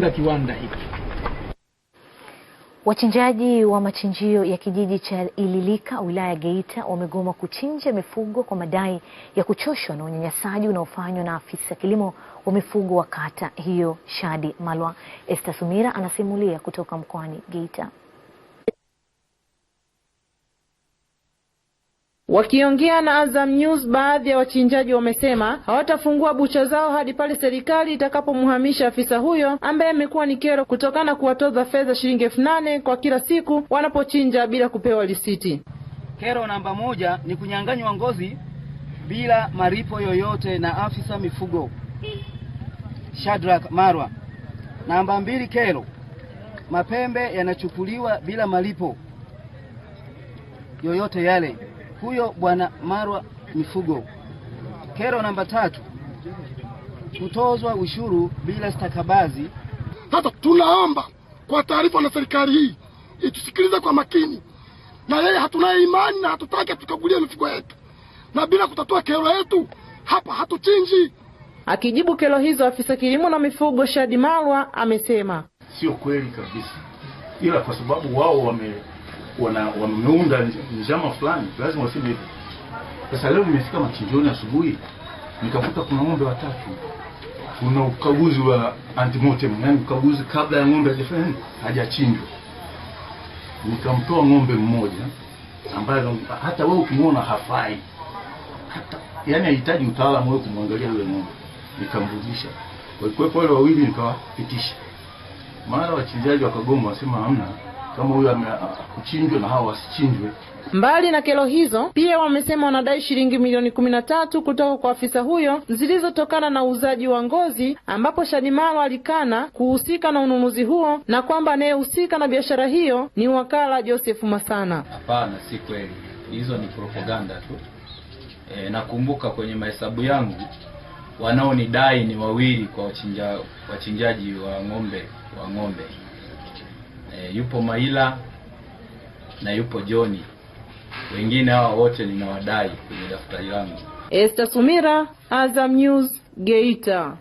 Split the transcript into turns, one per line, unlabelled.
kuunda kiwanda hiki. Wachinjaji wa machinjio ya kijiji cha Ililika wilaya ya Geita wamegoma kuchinja mifugo kwa madai ya kuchoshwa na unyanyasaji unaofanywa na afisa kilimo wa mifugo wa kata hiyo Shadi Malwa. Esther Sumira anasimulia kutoka mkoani Geita.
Wakiongea na Azam News, baadhi ya wachinjaji wamesema hawatafungua bucha zao hadi pale serikali itakapomhamisha afisa huyo ambaye amekuwa ni kero kutokana na kuwatoza fedha shilingi elfu nane kwa kila siku wanapochinja bila kupewa risiti.
Kero namba moja ni kunyang'anywa ngozi bila malipo yoyote na afisa mifugo Shadrack Marwa. Namba mbili, kero mapembe yanachukuliwa bila malipo yoyote yale huyo bwana Marwa Mifugo. Kero namba tatu, kutozwa ushuru bila stakabazi.
Sasa tunaomba kwa taarifa na serikali hii itusikilize kwa makini, na yeye hatunaye imani na hatutaki tukagulie mifugo yetu, na bila kutatua kero yetu hapa hatuchinji.
Akijibu kero hizo, afisa kilimo na mifugo Shadi marwa amesema
sio kweli kabisa, ila kwa sababu wao wame wana wameunda njama fulani, lazima waseme hivyo. Sasa leo nimefika machinjioni asubuhi, nikakuta kuna ng'ombe watatu, kuna ukaguzi wa antimotem, yani ukaguzi kabla ya ng'ombe hajafanya hajachinjwa. Nikamtoa ng'ombe mmoja ambaye hata wewe ukimwona hafai hata, yani hahitaji utaalamu wewe kumwangalia yule ng'ombe, nikamrudisha. Walikuwepo wale wawili, nikawapitisha. Mara wachinjaji wakagoma, wasema hamna kama huyo kuchinjwe na hawa wasichinjwe.
Mbali na kero hizo, pia wamesema wanadai shilingi milioni kumi na tatu kutoka kwa afisa huyo zilizotokana na uuzaji wa ngozi, ambapo Shadimaro alikana kuhusika na ununuzi huo na kwamba anayehusika na biashara hiyo ni wakala Joseph Masana.
Hapana, si kweli, hizo ni propaganda tu. E, nakumbuka kwenye mahesabu yangu wanaonidai ni wawili kwa wachinja, wachinjaji wa ng'ombe wa ng'ombe Eh, yupo Maila na yupo Joni. Wengine hawa wote ninawadai kwenye daftari langu.
Esther Sumira, Azam News, Geita.